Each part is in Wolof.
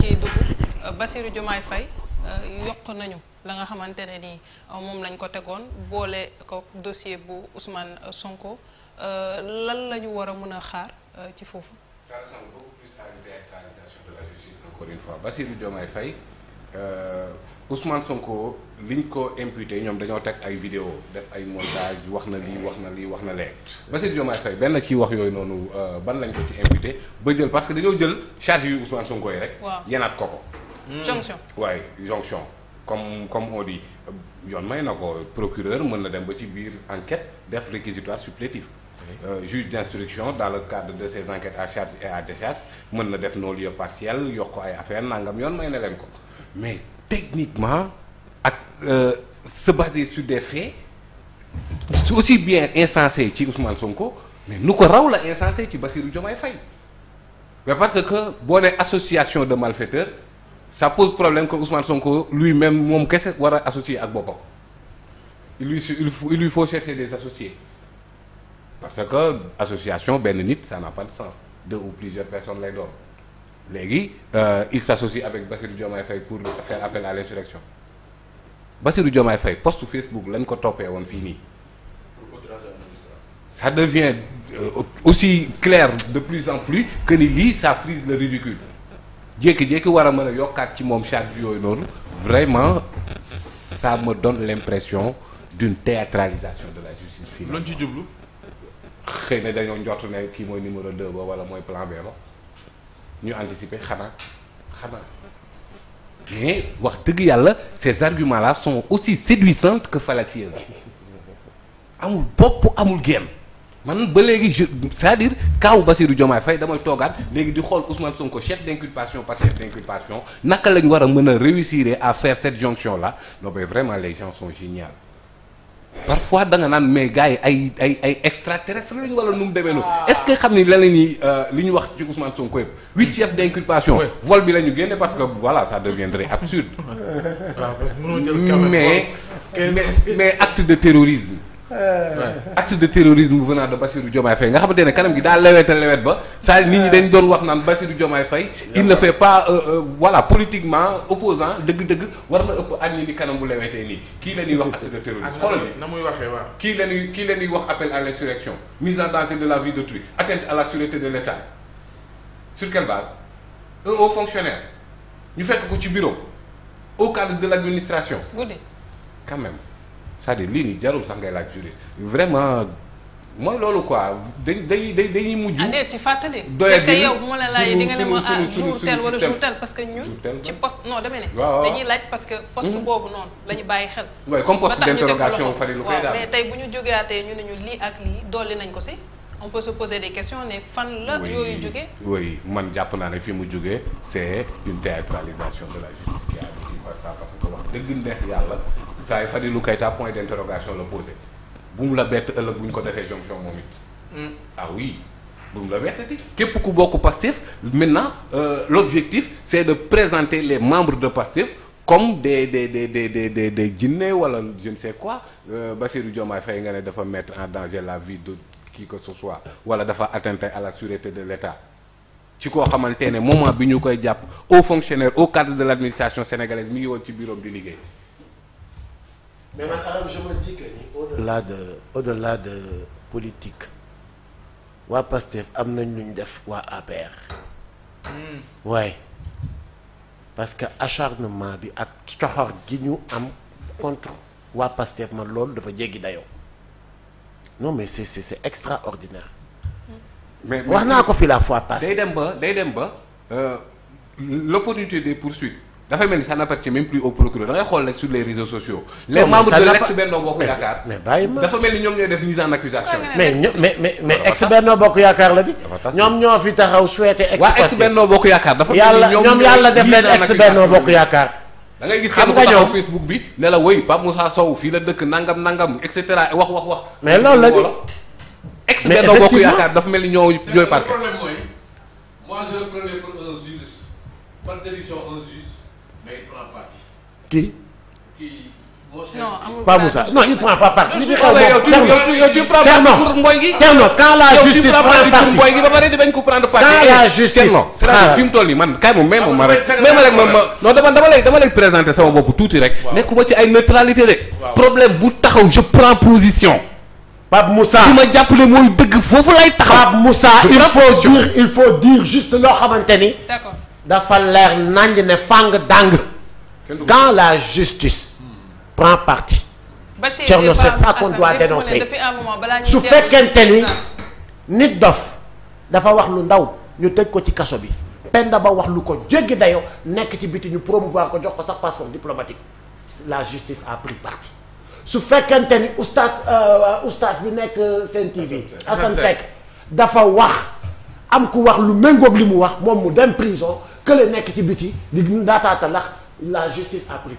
ciy dugg euh, Bassirou Diomaye Faye euh, yokk nañu la nga xamante ne ni euh, moom lañ ko tegoon boole ko dossier bu Ousmane Sonko lan la ñu war a mën a xaar ci foofu. ça ressemble beaucoup plus Euh, Ousmane Sonko liñ ko imputé ñoom dañoo teg ay video def ay montage wax na lii wax na lii wax na lee Bassirou Diomaye Faye benn ci wax yooyu noonu euh, ban lañ ko ci imputé ba jël parce que dañoo jël charge yu Ousmane Sonko yi rek. waaw yenaat ko ko. Hmm. jonction waaye jonction comme comme on euh, yoon may na ko procureur mën na dem ba ci biir enquête def réquisitoire supplétif. Euh, juge d'instruction dans le cadre de ses enquêtes à charge et à décharge mën na def non-lieu partiel yokk ay affaire nangam yoon may na leen ko mais techniquement ak euh, se baser sur des faits su aussi bien insensé ci Ousmane Sonko mais nu ko raw la insensé ci Bassirou Diomaye Faye mais parce que boo ne association de malfaiteurs ça pose problème que Ousmane Sonko luy même moom kese war a associé ak boppam il lui il lui faut chercher des associés parce que association benn nit ça n'a pas de sens deux ou plusieurs personnes lay doon léegi euh, il s'associe avec Bassirou Diomaye fay pour faire appel à l'insurrection Bassirou Diomaye Faye post Facebook lañ ko toppee woon fii nii ça devient euh, aussi claire de plus en plus que ni lii ça frise le ridicule jékki-jékki war a mën a yokkaat ci moom charge yooyu noonu vraiment ça me donne l'impression d'une théâtralisation de la justice finale loolu ci jublu xëy na dañoo njort ne kii mooy numéro de ba wala mooy plan B ba ñu anticiper xanaa xanaa mais wax dëgg yàlla ces arguments là son aussi séduisants que fallacieux amul bopp amul génn man ba léegi je c'est-à-dire kaaw Bassirou Diomaye Faye damay toogaat léegi di xool Ousmane Sonko chef d'inculpation par chef d'inculpation naka lañu war a mën a réussir à fair cette jonction là non mais vraiment les gens sont géniaux fois da nga naan mais gars yi ay ay ay extraterrestre lañu wala nu mu demee noonu ah. est-ce que xam ni la la euh, li ñu wax ci Ousmane Sonko yëpp huit chefs d'inculpation vol bi la ñu génne parce que voilà ça deviendrait absurde ah, mais mais acte de terrorisme Euh. acte de terrorisme venant de Bassirou Diomaye Faye nga xamante ne kanam gi daa lewete lewet ba saa nit ñi dañ doon wax naan Bassirou Diomaye Faye il ne fait pas euh, euh, voilà politiquement opposant dëgg-dëgg war na ëpp at ñi ni kanam bu lewetee nii kii la ñuy wax acte de terrorisme na muy waxee waaw kii la ñuy kii la ñuy wax appel à l'insurrection mise en danger de la vie d'autrui atteinte à la sûreté de l'État sur quelle base haut fonctionnaire ñu fekk ko ci bureau au cadre de l'administration quand même c'est-à-dire lii nii jarul sax ngay laaj juriste vraiment mooy loolu quoi dañ dañuy dañ dañuy mujj. ah déet ci fàttali. dooy bi yow bu ma la laajee di nga ne ma ah jour tel parce que ñu ci poste non dama ne. dañuy laaj parce que poste mhm. boobu noonu la ñu bàyyi xel. waaw comme poste d'interrogation fari lu koy daal mais tey bu ñu jógeatee ñu ne ñu lii ak lii dolli nañ ko si. on peut se poser des questions ne fan la. yooyu jógee oui man jàpp naa ne fi mu jógee c'est une théâtralisation de la justice yàlla. saa yi Fadilou Keita point d' interrogation la posé bu mu la bett ëllëg bu ñu ko defee jonction moom it. Hmm. ah oui bu mu la bettati képp ku bokk Pastef maintenant euh, l' c' est de présenter les membres de Pastef comme des de de des des des des jinne wala je ne sais quoi euh, Bassirou Diomaye Faye nga ne dafa mettre en danger la vie de qui que ce soit wala dafa atteinte à la sûreté de l' État. ci koo xamante ne moment bi ñu koy jàpp au fonctionnaire au cadre de l' administration sénégalaise mi ngi woon ci bureau di liggéey. mais man Arame je me au de au de politique waa PASTEF am nañ lu ñu def waa APR. waaye hmm. parce que acharnement bi ak coxor gi ñu am contre waa PASTEF ma loolu dafa jéggi dayoo non mais c'est c'est extraordinaire. Hmm. mais wax naa ko fi la fois passée. day dem ba day dem ba. Euh, l'opportunité des poursuites. dafay mel ni ça n'appartient même plus au procureur da xool rek sur les réseaux sociaux. les membres de l'ex dafa mel ni ñoom ñooy def mise en accusation. mais mais mais mais ex Benno Bokk Yaakaar Bokk Yaakaar dafa mel ni ñoom yàlla def leen ex Benno Bokk Yaakaar. da fii la dëkk nangam nangam et cetera wax wax mais loolu la dafa mel ni ñoo ñooy parquet. moi je kii. pas Moussa non il prend pas parti. li fi xaw ma quand la justice prend parti yow ba pare di bañ ko prendre parti. quand la justice cest fi mu toll nii man kay moom même ma rek. même rek ma ma non dama dama lay dama sama bopp tuuti rek. nekkuma ci ay neutralité rek. problème bu taxaw je prends position. Pape Moussa bi ma jàppale mooy dëgg foofu lay taxaw. Pape Moussa il faut dire il faut dire juste loo xamante ni. dafa leer naññ ne fàng dàng. quand la justice prend parti hmm. Thierno c'est ça qu'on doit dénoncer su fekkente ni nit dof dafa wax lu ndaw ñu teg ko ci kaso bi Penda Ba wax lu ko jéggi dayo nekk ci biti ñu promouvoir ko jox ko sax passeport diplomatique la justice a pris parti su fekkente ni oustaz euh, oustaz bi nekk euh, Sen TV Assane Seck dafa wax am ku wax lu méngoog li mu wax moom mu dem prison kële nekk ci biti di ndaataata lax la justice a pris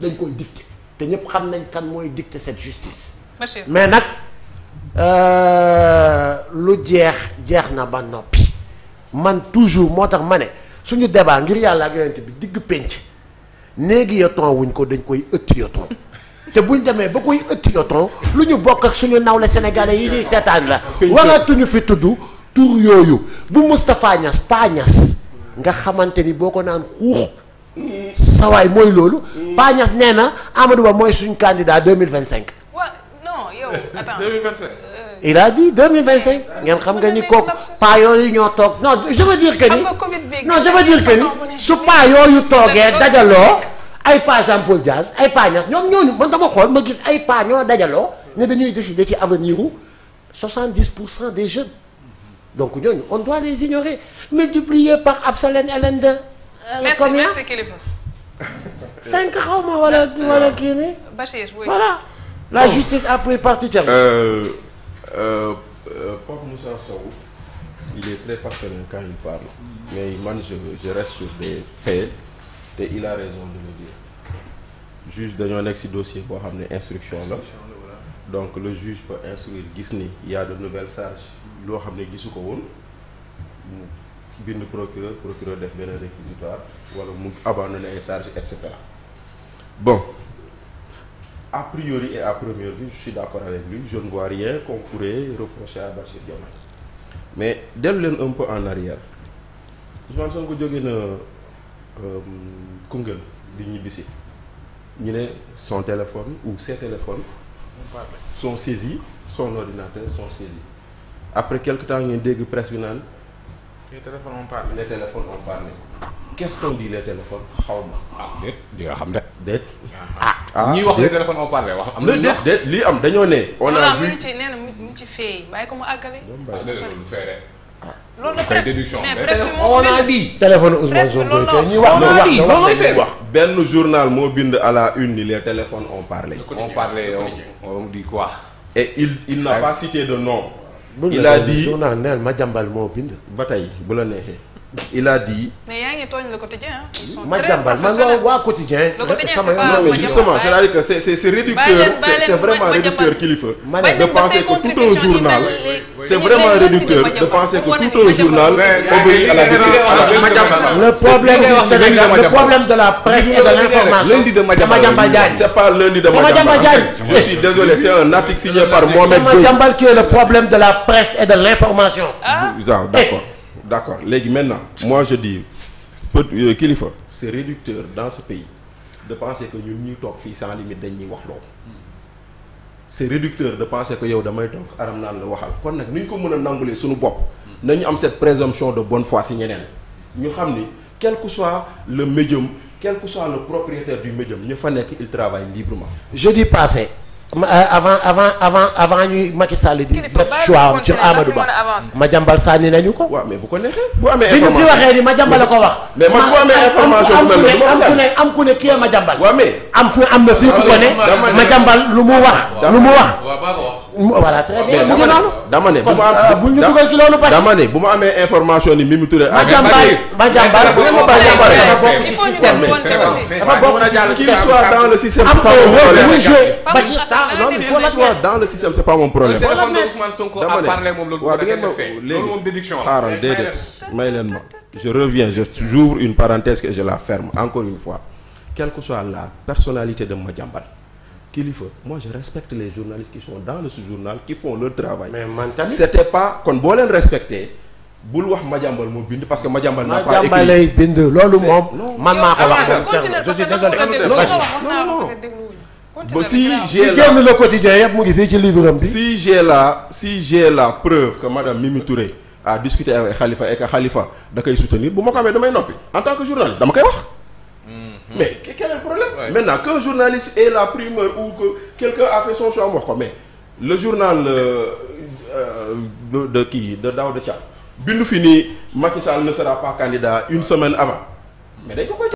dañ koy dicter te ñëpp xam nañ kan mooy dicter cette justice. Monsieur. mais nag euh, lu jeex jeex na ba noppi man toujours moo tax ma ne suñu débat ngir yàlla ak bi digg pénc néegi yoton wuñ ko dañ koy ëtt yoton te buñ demee ba koy ëtt yoton lu ñu bokk ak suñu nawle sénégalais yi ñuy seetaan la waratuñu fi tudd tur yooyu bu Moustapha Niass Pa Niass nga xamante ni boo ko naan xuux sawaay mooy loolu. Pa Niass nee na Amadou Ba mooy suñ candidat deux mille vingt cinq. wa non yow. attends deux mille vingt cinq. Euh, il a dit deux mille ni ko paa yooyu ñoo toog non je veux dire ni. non je veux dire ni su paa yooyu toogee dajaloo. ay paa Jean Paul Diaz ay paa Niass ñoom ñooñu man dama xool ma gis ay paa ñoo dajaloo. ne dañuy décider ci avenir u soixante dix pour cent des jeunes. donc ñooñu on doit les ignorer multiplier par Absalène LN2. merci merci Kilifeu cinq xaw ma wala wala kii nii. Bachir la justice a parti Thiam. Euh, euh, euh, Pape musa Sow il est très passionnel quand il parle mais man je je sur des faits te il a raison de le dire juge dañoo nekk ci dossier boo xam ne instruction la donc le juge peut instruire gis ni il y a de nouvelles charges loo xam ne gisu ko woon. bind procureur procureur def benn réquisitoire wala mu abandonné ay charges et cetera bon a priori et à première vue je suis d'accord avec lui je ne vois rien reprocher à Bachir mais dellu leen un peu en arrière Ousmane ko jógee na euh, Koungheul bi ñibbisi ñu ne son téléphone ou ses téléphone sont saisis son ordinateur sont saisis après quelque temps ngeen dégg presse bi naan Les téléphones ont parlé. Les téléphones ont parlé. xaw ma. Ah, di nga xam de. déet. Ah, ah, wax les téléphones am na am dañoo ne. on a vu ci nee na mu téléphone Ousmane Sonko wax loolu benn journal moo bind à la une ni les téléphones ont parlé. on parlait quoi. il il n'a pas cité de nom. il a dit bu ma jàmbal moo bind. ba tey bu la neexee il a yi tooñ justement c'est-à-dire que c'est c'est vraiment réducteur kilifa. ma ne de penser que tout un journal. c'est vraiment réducteur de penser que tout un journal obéit à la le problème le problème de la presse et de l'information lundi ah. de Madiambal c'est pas lundi de Madiambal Diagne je suis désolé c'est un article signé par Mohamed Madiambal de la presse et de l'information d'accord d'accord léegi maintenant moi je dis peut euh, kilifa c'est réducteur dans ce pays de penser que ñu ñuy toog fii sans limite dañuy wax loo c'est réducteur de penser que yow damay toog aram naan la waxal kon nag ni ñu ko mën a nangulee suñu bopp nañu am cette présomption de bone fois si ñeneen ñu xam ni quel que soit le médium quel que soit le propriétaire du médium ñu fa nekk il travaille librement jeudi passé Euh, avant avant avant avant ñuy Macky Sall di def choix ci Amadou Ba Madiambal sànni nañu ko. waaw mais ko neexee amee bi ñu fi waxee ni Madiambal ko wax. mais am ku ne am ku ne kii am fu am ku ko ne. lu mu wax. lu mu wax. voilà très bien mu ngi noonu. dama ne bu ma am bu ñu dugal ci loolu parce que dama ne bu ma amee information ni Mimi Touré. ak Badiambal il faut soit dans le système. am dans le système c'est pas mon problème. dama ne waaw di ngeen ma léegi déedéet may leen ma je reviens je j'ouvre une parenthèse que je la ferme encore une fois quelle que soit la personnalité de Madiambal kilifa moi je respecte les journalistes qui sont dans le sous-journal qui font leur travail. mais man tamit c'était pas kon boo leen respecté bul bind parce que ma n'a pas écrit Madiambal bind loolu moom. man maa ko ah, la génn le si j'ai la si j'ai la preuve que madame Mimi a discuté avec Khalifa et Khalifa da koy soutenir bu ma ko amee damay noppi en tant que journaliste dama koy wax mm-hmm. problème. maintenant qu'un journaliste ait la primeur ou que quelqu'un a fait son choix wax ko le journal euh, euh, de de kii de Daouda Thiam bindu fi ni Macky Sall ne sera pas candidat une semaine avant mais dañ ko koy.